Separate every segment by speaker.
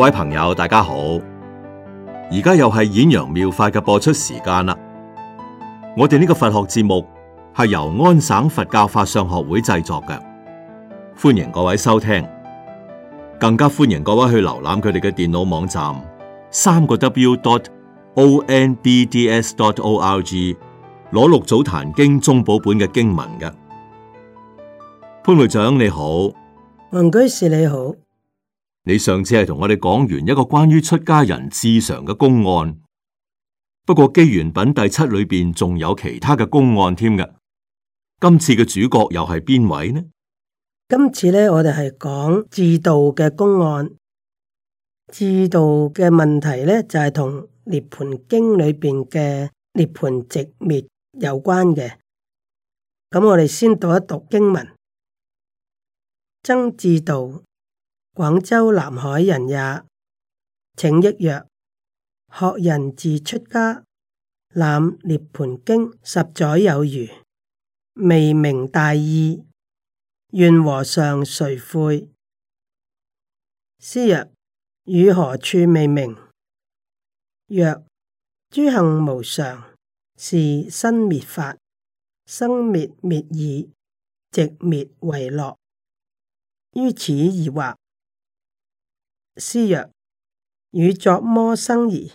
Speaker 1: 各位朋友，大家好！而家又係《演揚妙法》嘅播出時間啦。我哋呢個佛學節目係由安省佛教法相學會製作嘅，歡迎各位收聽，更加歡迎各位去瀏覽佢哋嘅電腦網站。三個 W dot onbds dot org 攞六祖壇經宗寶本嘅經文嘅。潘會長，你好，文
Speaker 2: 居士你好。
Speaker 1: 你上次係同我哋講完一個關於出家人智常嘅公案，不過《機緣品》第七裏邊仲有其他嘅公案添㗎。今次嘅主角又係邊位呢？
Speaker 2: 今次呢，我哋係講志道嘅公案。志道嘅問題呢，就係、是、同《涅盤經》裏邊嘅涅盤寂滅有關嘅。咁、嗯、我哋先讀一讀經文，僧志道。廣州南海人也，請益曰：學人自出家，覽《涅槃經》十載有餘，未明大意，願和尚垂誨。師曰：與何處未明？曰：諸行無常，是生滅法，生滅滅已，寂滅為樂。於此疑惑。師曰：汝作麼生疑？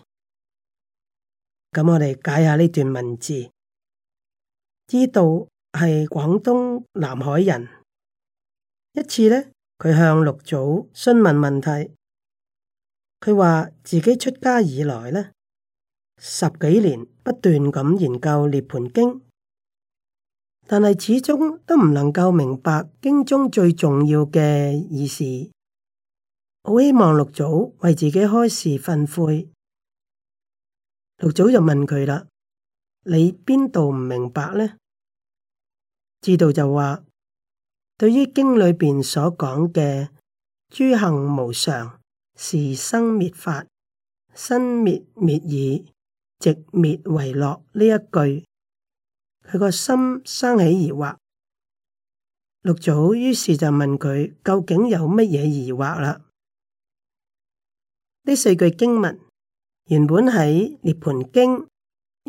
Speaker 2: 咁我哋解下呢段文字。志道係廣東南海人。一次呢，佢向六祖詢問問題。佢話自己出家以來呢，十幾年不斷咁研究《涅槃經》，但係始終都唔能夠明白經中最重要嘅意思。好希望六祖為自己開示訓誨。六祖就問佢啦：，你邊度唔明白呢？志道就話，對於經裏邊所講嘅諸行無常，是生滅法，生滅滅已，寂滅為樂呢一句，佢個心生起疑惑。六祖於是就問佢：，究竟有乜嘢疑惑啦？呢四句經文原本喺《涅槃經》《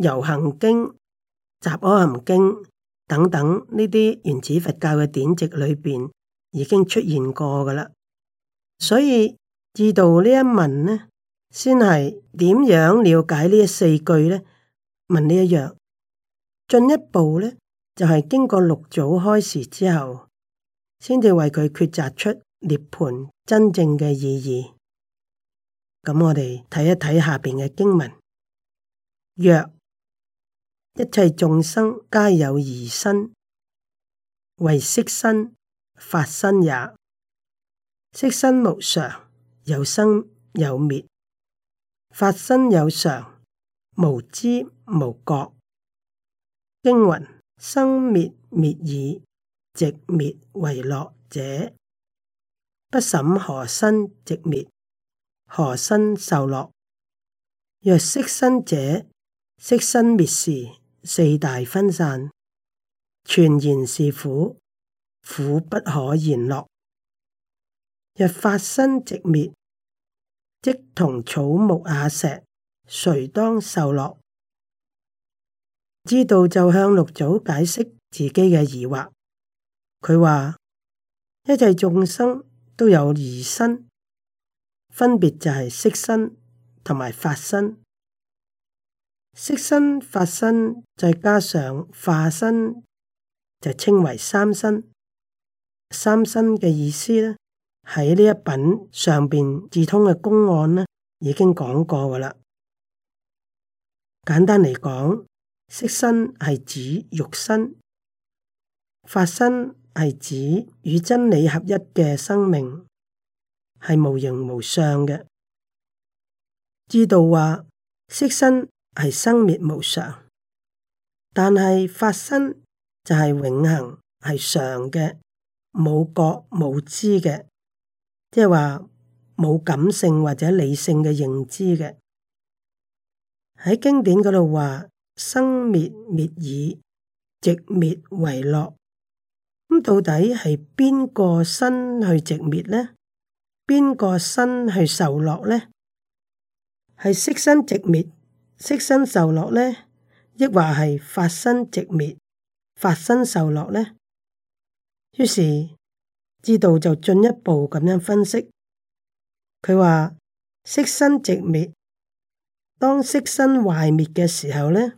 Speaker 2: 遊行經》《雜阿含經》等等呢啲原始佛教嘅典籍裏邊已經出現過噶啦，所以至道呢一問呢，先係點樣了解呢四句呢？問呢一樣，進一步呢，就係、是、經過六祖開示之後，先至為佢抉擇出涅槃真正嘅意義。咁我哋睇一睇下邊嘅經文，若一切眾生皆有二身，謂色身、法身也。色身無常，有生有滅；法身有常，無知無覺。經云：生滅滅已，寂滅為樂者，不審何身寂滅。何身受樂？若色身者，色身滅時，四大分散，全然是苦，苦不可言樂。若法身寂滅，即同草木瓦石，誰當受樂？知道就向六祖解釋自己嘅疑惑。佢話一切眾生都有二身。分別就係色身同埋法身，色身、法身再加上化身，就稱為三身。三身嘅意思咧，喺呢一品上邊智通嘅公案呢已經講過噶啦。簡單嚟講，色身係指肉身，法身係指與真理合一嘅生命。係無形無相嘅。知道話色身係生滅無常，但係法身就係永恆，係常嘅，冇覺冇知嘅，即係話冇感性或者理性嘅認知嘅。喺經典嗰度話生滅滅已，寂滅為樂。咁、嗯、到底係邊個身去寂滅呢？邊個身去受落呢？係色身直滅，色身受落呢？亦或係法身直滅，法身受落呢？於是知道就進一步咁樣分析。佢話色身直滅，當色身壞滅嘅時候呢，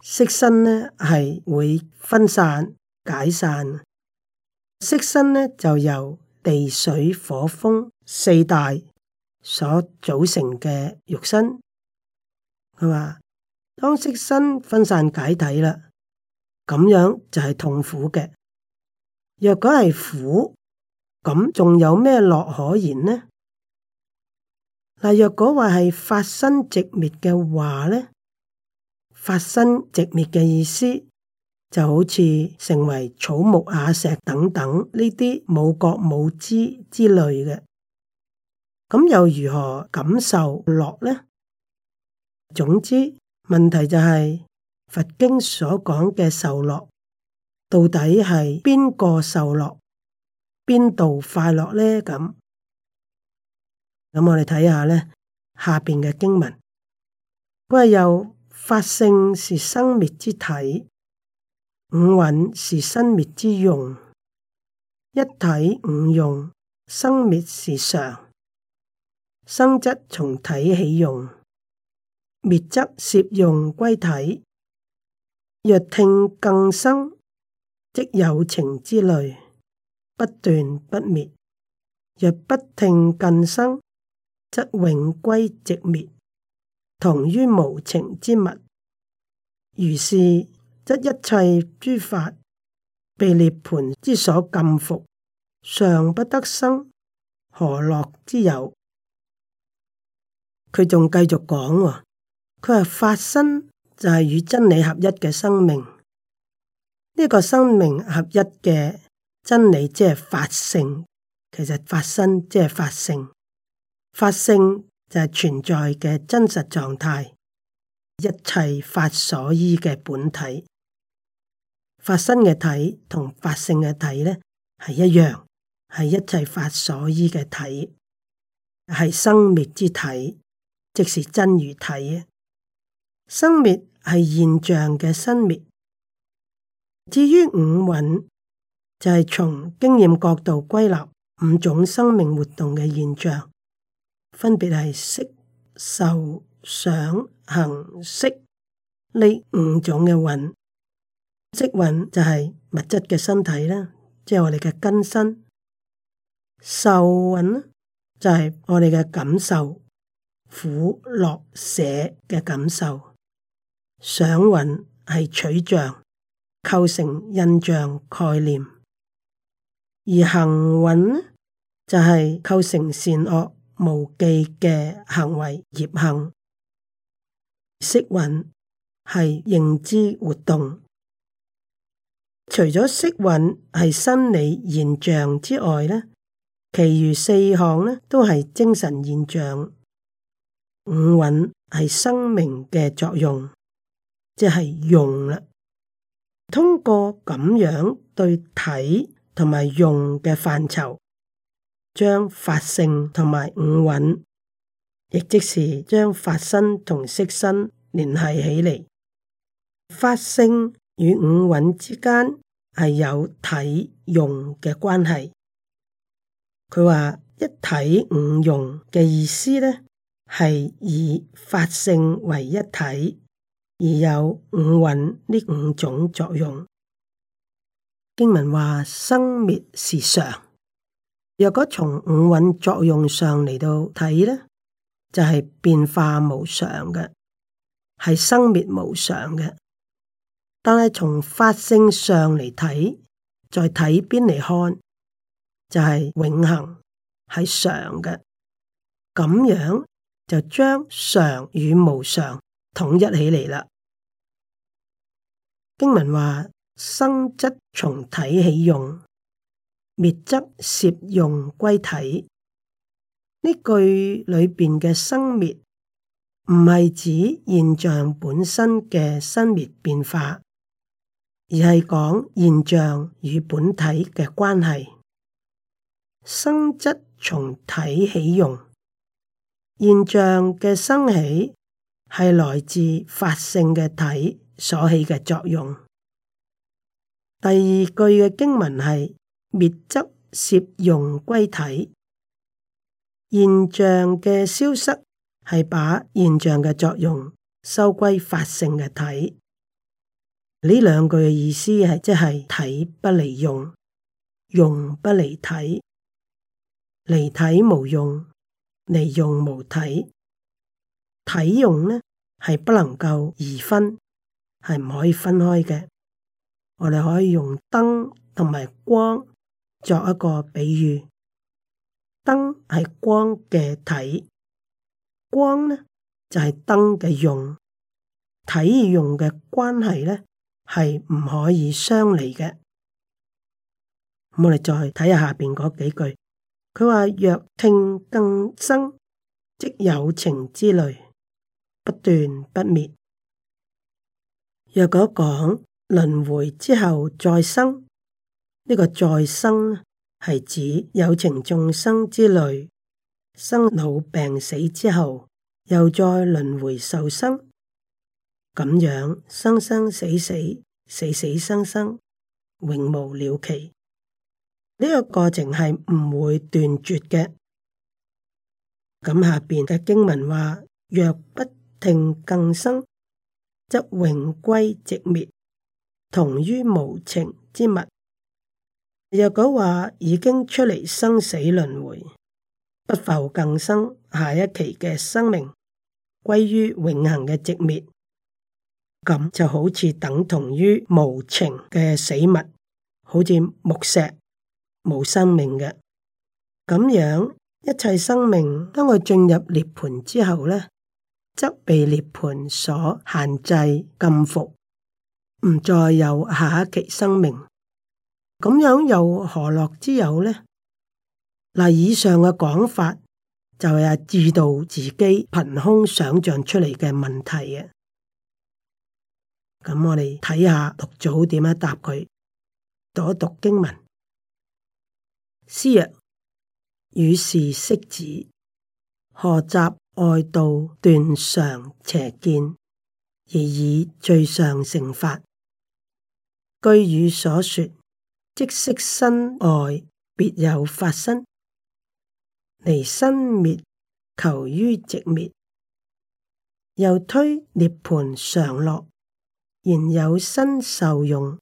Speaker 2: 色身呢係會分散、解散，色身呢就由地水火風四大所組成嘅肉身，佢話當色身分散解體啦，咁樣就係痛苦嘅。若果係苦，咁仲有咩樂可言呢？嗱，若果話係法身直滅嘅話呢？法身直滅嘅意思就好似成為草木瓦石等等呢啲冇覺冇知之類嘅。咁又如何感受樂呢？總之問題就係、是、佛經所講嘅受樂到底係邊個受樂，邊度快樂呢？咁咁我哋睇下呢下邊嘅經文，歸有法性是生滅之體，五蘊是生滅之用，一體五用，生滅是常。生則從體起用，滅則攝用歸體。若聽更生，即有情之類，不斷不滅；若不聽更生，則永歸寂滅，同於無情之物。如是，則一切諸法被涅槃之所禁服，尚不得生，何樂之有？佢仲繼續講，佢話法身，就係與真理合一嘅生命，呢、呢個生命合一嘅真理即係法性，其實法身即係法性，法性就係存在嘅真實狀態，一切法所依嘅本體，法身嘅體同法性嘅體咧係一樣，係一切法所依嘅體，係生滅之體。即是真如體，生滅係現象嘅生滅。至於五蘊，就係、是、從經驗角度歸納五種生命活動嘅現象，分別係色、受、想、行、識呢五種嘅蘊。色蘊就係物質嘅身體啦，即係我哋嘅根身；受蘊就係我哋嘅感受。苦、樂、捨嘅感受，想蘊係取象構成印象概念，而行蘊就係、是、構成善惡無記嘅行為業行，識蘊係認知活動。除咗色蘊係生理現象之外咧，其餘四項咧都係精神現象。五蘊係生命嘅作用，即係用啦。通過咁樣對體同埋用嘅範疇，將法性同埋五蘊，亦即是將法身同色身聯繫起嚟。法性與五蘊之間係有體用嘅關係。佢話一體五用嘅意思呢。係以法性為一體，而有五蘊呢五種作用。經文話生滅是常，若果從五蘊作用上嚟到睇咧，就係變化無常嘅，係生滅無常嘅。但係從法性上嚟睇，再睇邊嚟看，就係永恆，係常嘅。咁樣。就將常與無常統一起嚟啦。經文話：生則從體起用，滅則攝用歸體。呢句裏邊嘅生滅唔係指現象本身嘅生滅變化，而係講現象與本體嘅關係。生則從體起用。現象嘅生起係來自法性嘅體所起嘅作用。第二句嘅經文係滅則攝用歸體，現象嘅消失係把現象嘅作用收歸法性嘅體。呢兩句嘅意思係即係體不離用，用不離體，離體無用。離用無體，體用咧，係不能夠二分，係唔可以分開嘅。我哋可以用燈同埋光作一個比喻，燈係光嘅體，光咧就係、是、燈嘅用。體用嘅關係咧係唔可以相離嘅。咁我哋再睇下下邊嗰幾句。佢話若聽更生，即有情之類不斷不滅。若果講輪回之後再生，呢個再生係指有情眾生之類生老病死之後又再輪回受生，咁樣生生死死、死死生生，永無了期。呢個過程係唔會斷絕嘅。咁下邊嘅經文話：若不停更生，則永歸寂滅，同於無情之物。若果話已經出嚟，生死輪回，不復更生，下一期嘅生命歸於永恆嘅寂滅，咁就好似等同於無情嘅死物，好似木石。冇生命嘅。咁樣，一切生命當佢進入涅盤之後呢，則被涅盤所限制禁服，唔再有下一期生命。咁樣又何樂之有呢？嗱，以上嘅講法就係啊，志道自己憑空想象出嚟嘅問題嘅。咁我哋睇下六祖點樣答佢，讀一讀經文。師曰：汝是釋子，何習外道斷常邪見，而以最上乘法據汝所說，即色身外別有法身，離身滅，求於寂滅，又推涅槃常樂，然有身受用，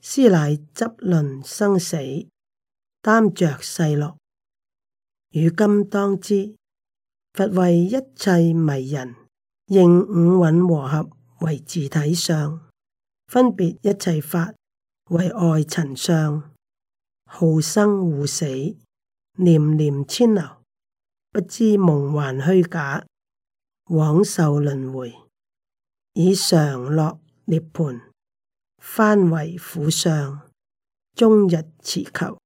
Speaker 2: 斯乃執論生死。擔着世樂，如今當知，佛為一切迷人，應五蘊和合為自體相，分別一切法為外塵相，號生互死，念念遷流，不知夢幻虛假，枉受輪回，以常樂涅槃，翻為苦相，終日持求。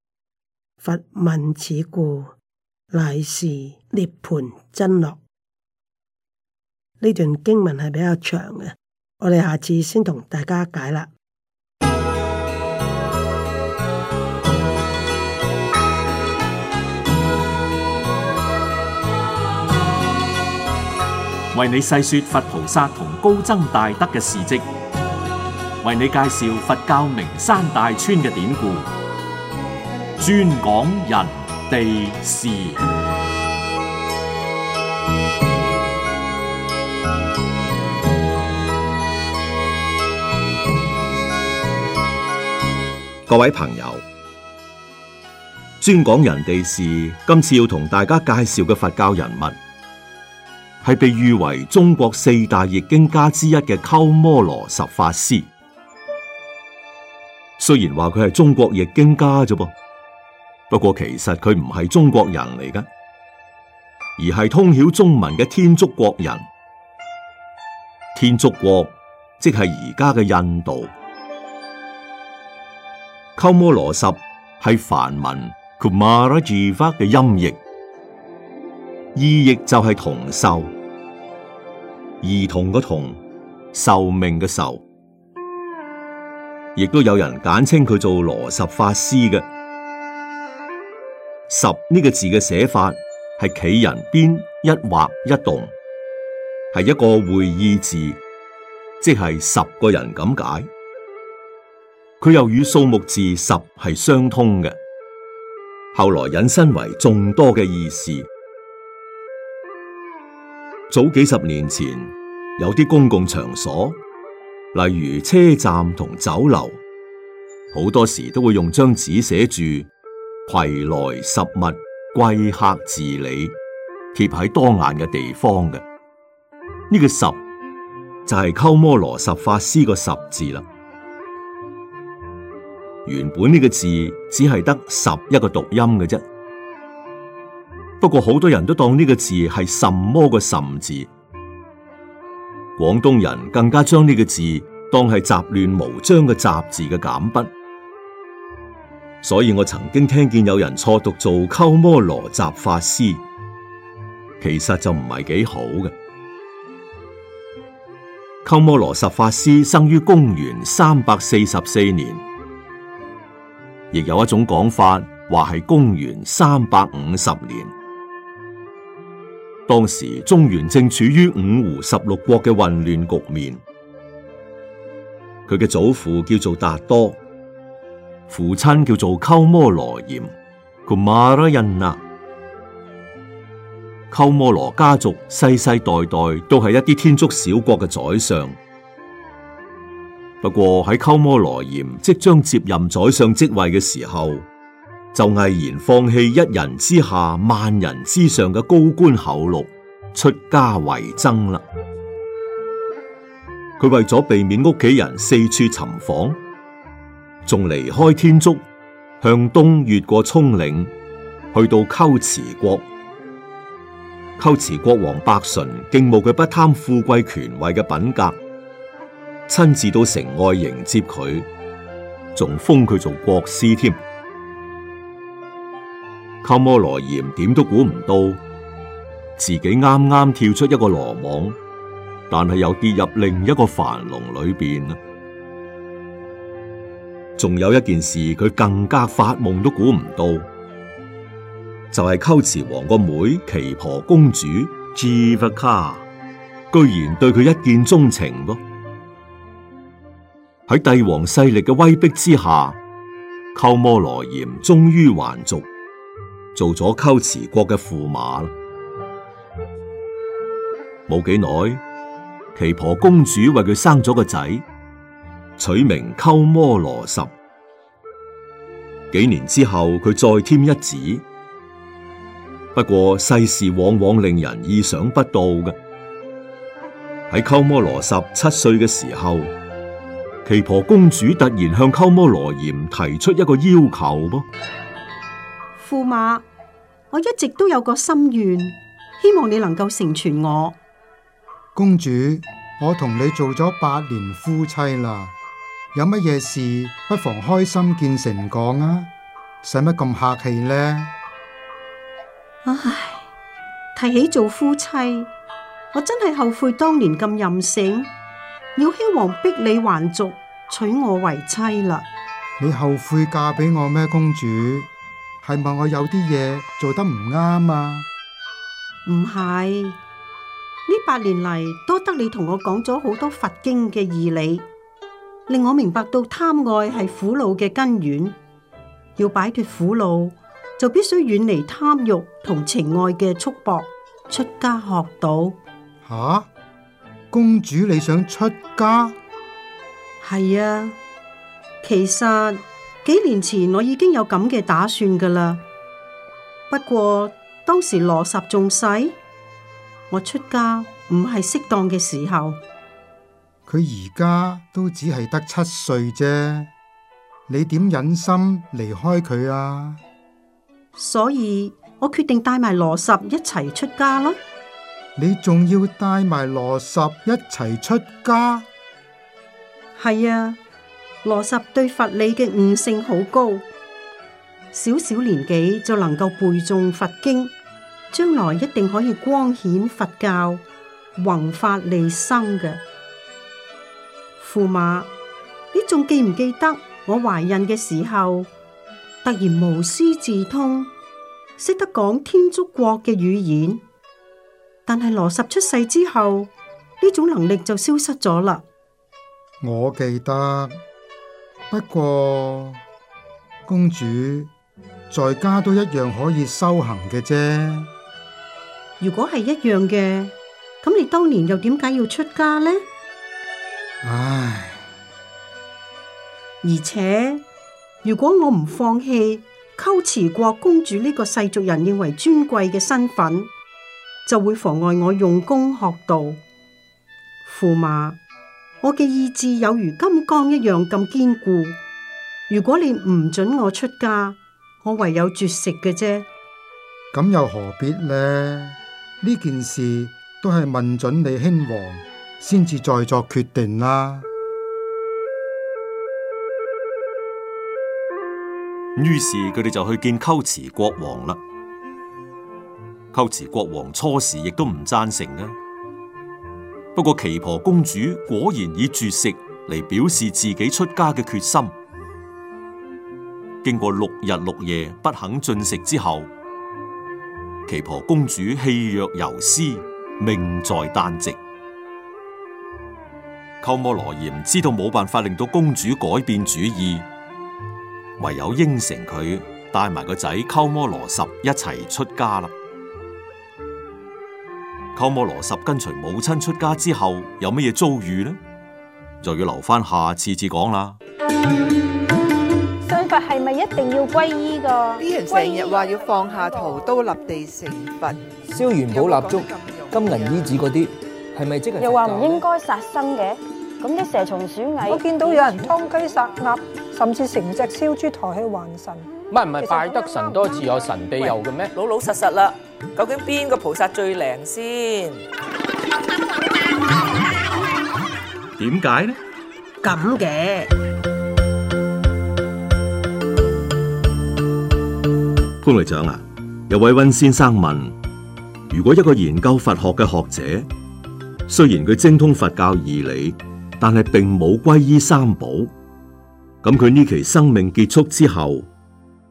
Speaker 2: 佛問此故，乃是涅槃真樂。呢段經文係比較長嘅，我哋下次先同大家解啦。
Speaker 1: 為你細說佛菩薩同高僧大德嘅事跡，為你介紹佛教名山大川嘅典故。專講人地事。 各位朋友，專講人地事。今次要同大家介紹嘅佛教人物，係被譽為中國四大譯經家之一嘅鳩摩羅什法師。雖然話佢係中國譯經家啫噃。不過其實佢唔係中國人嚟㗎，而係通曉中文嘅天竺國人。天竺國即係而家嘅印度。鳩摩羅什係梵文 Kumarajiva 嘅音譯，意譯就係童壽，兒童嘅童，壽命嘅壽，亦都有人簡稱佢做羅什法師嘅。十呢個字嘅寫法係企人邊一畫一動，係一個會意字，即係十個人咁解。佢又與數目字十係相通嘅，後來引申為眾多嘅意思。早幾十年前，有啲公共場所，例如車站同酒樓，好多時都會用張紙寫住，攜來十物，貴客自理，貼喺當眼嘅地方嘅呢、這個十就係、是、鳩摩羅什法師個十字啦。原本呢個字只係得十一個讀音嘅啫，不過好多人都當呢個字係什麼個甚字，廣東人更加將呢個字當係雜亂無章嘅雜字嘅簡筆。所以我曾經聽見有人錯讀做鳩摩羅集法師，其實就唔係幾好嘅。鳩摩羅什法師生於公元三百四十四年，亦有一種講法話係公元三百五十年。當時中原正處於五胡十六國嘅混亂局面，佢嘅祖父叫做達多。父親叫做鳩摩羅炎，個馬拉人啊，鳩摩羅家族世世代代都係一啲天竺小國嘅宰相。不過喺鳩摩羅炎即將接任宰相職位嘅時候，就毅然放棄一人之下萬人之上嘅高官厚祿，出家為僧啦。佢為咗避免屋企人四處尋訪。仲離開天竺，向東越過蔥嶺，去到龜茲國。龜茲國王白純敬慕佢不貪富貴權位嘅品格，親自到城外迎接佢，仲封佢做國師添。鳩摩羅炎點都估唔到，自己啱啱跳出一個羅網，但係又跌入另一個樊籠裏邊。仲有一件事，佢更加發夢都估唔到，就係龜茲王個妹耆婆公主 Jivka 居然對佢一見鍾情噃。喺帝王勢力嘅威逼之下，鳩摩羅炎終於還俗，做咗龜茲國嘅駙馬啦。冇幾耐，耆婆公主為佢生咗個仔。取名鳩摩羅什。幾年之後，佢再添一子。不過世事往往令人意想不到嘅，喺鳩摩羅什七歲嘅時候，奇婆公主突然向鳩摩羅炎提出一個要求：噃，
Speaker 3: 駙馬，
Speaker 4: 我一直都有個心願，希望你能夠成全我。公主，我同你做咗八年夫妻啦。有乜嘢事，不妨開心見誠講啊！使乜咁客氣呢？
Speaker 3: 唉，提起做夫妻，我真係後悔當年咁任性，要希望逼你還俗娶我為妻
Speaker 4: 啦。你後悔嫁俾我咩？公主，係咪我有啲嘢做得唔啱啊？
Speaker 3: 唔係，呢八年嚟多得你同我講咗好多佛經嘅義理。令我明白到貪愛係苦惱嘅根源，要擺脫苦惱，就必須遠離貪慾同情愛嘅束縛。出家學道，吓？啊，公主你想出家？係啊，其實幾年前我已經有咁嘅打算噶啦，不過當時羅什仲細，我出家唔係適
Speaker 4: 當嘅時候。佢而家都只係得七歲啫，你點忍心離開佢啊？所以我決定帶埋羅什一齊出家囉。你仲要帶埋羅什一齊出家？係啊，羅什
Speaker 3: 對佛理嘅悟性好高，小小年紀就能夠背誦佛經，將來一定可以光顯佛教，弘法利生嘅。駙馬，你仲記唔記得我懷孕嘅時候，突然無師自通，識得講天竺國嘅語言？但係羅什出世之後，呢種能力
Speaker 4: 就消失咗啦。我記得，不過公主在家都一樣可以修行嘅啫。如果係一樣嘅，咁你當年又
Speaker 3: 點解要出家呢？唉，而且如果我唔放棄龜茲國公主呢個世俗人認為尊貴嘅身份，就會妨礙我用功學道。駙馬，我嘅意志有如金剛一樣咁堅固。
Speaker 4: 如果你唔准我出家，我唯有絕食嘅啫。咁又何必呢？呢件事都係問准你，興王，先至再作決定啦。
Speaker 1: 於是佢哋就去見龜茲國王啦。龜茲國王初時亦都唔贊成嘅，不過奇婆公主果然以絕食嚟表示自己出家嘅決心。經過六日六夜不肯進食之後，奇婆公主氣若游絲，命在旦夕。鳩摩羅炎知道冇辦法令到公主改變主意，唯有應承佢帶埋個仔鳩摩羅什一齊出家啦。鳩摩羅什跟隨母親出家之後有乜嘢遭遇呢？就要留翻下，下次至講啦。
Speaker 3: 信佛係咪一定要皈依噶？啲人成日話要放下屠刀立地成
Speaker 1: 佛，燒元寶蠟燭、金銀衣紙嗰啲係咪即係？又話唔應
Speaker 3: 該殺生嘅？咁啲蛇蟲鼠蟻，我見到有人劏雞殺鴨，嗯、甚至成隻燒豬抬起還神。
Speaker 1: 唔係唔係，拜得神多自有神庇佑嘅咩？老老實實啦，究竟邊個菩薩最靈先？點解呢？咁嘅潘會長啊，有位溫先生問：如果一個研究佛學嘅學者，雖然佢精通佛教義理。但係並冇皈依三寶，咁佢呢期生命結束之後，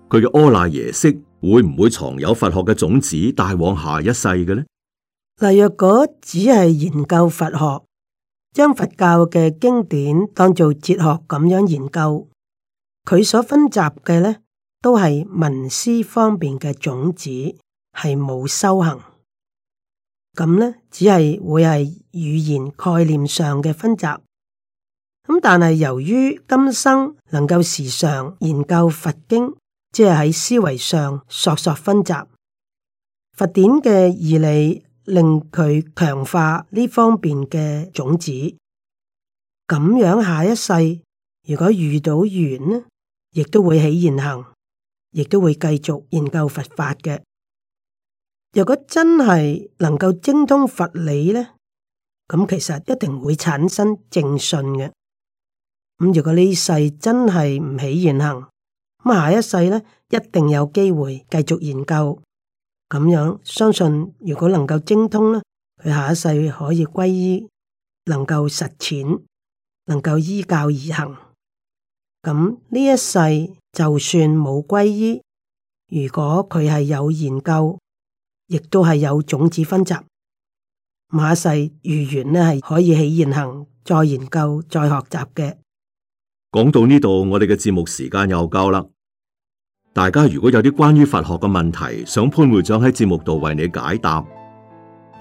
Speaker 1: 佢嘅阿賴耶識會唔會藏有佛學嘅種子帶往下一世嘅呢？
Speaker 2: 嗱，若果只係研究佛學，將佛教嘅經典當做哲學咁樣研究，佢所薰習嘅咧都係聞思方面嘅種子，係冇修行，咁咧只係會係語言概念上嘅薰習。咁但係由於今生能夠時常研究佛經，即係喺思維上索索分集佛典嘅義理，令佢強化呢方面嘅種子。咁樣下一世如果遇到緣呢，亦都會起現行，亦都會繼續研究佛法嘅。如果真係能夠精通佛理呢，咁其實一定會產生正信嘅。咁如果呢世真係唔起現行，下一世咧一定有機會繼續研究。咁樣相信如果能夠精通咧，佢下一世可以皈依，能夠實踐，能夠依教而行。咁呢一世就算冇皈依，如果佢係有研究，亦都係有種子分集。下一世遇緣咧，係可以起現行，再研究，再學習嘅。
Speaker 1: 講到呢度，我哋嘅節目時間又夠啦。大家如果有啲關於佛學嘅問題，想潘會長喺節目度為你解答，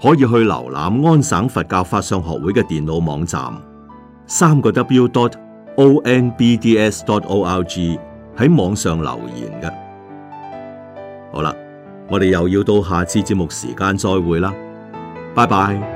Speaker 1: 可以去瀏覽安省佛教法相學會嘅電腦網站，三個 W dot O N B D S dot O L G 喺網上留言嘅。好啦，我哋又要到下次節目時間再會啦，拜拜。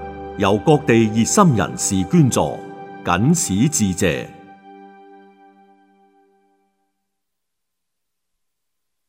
Speaker 1: 由各地熱心人士捐助，謹此致謝。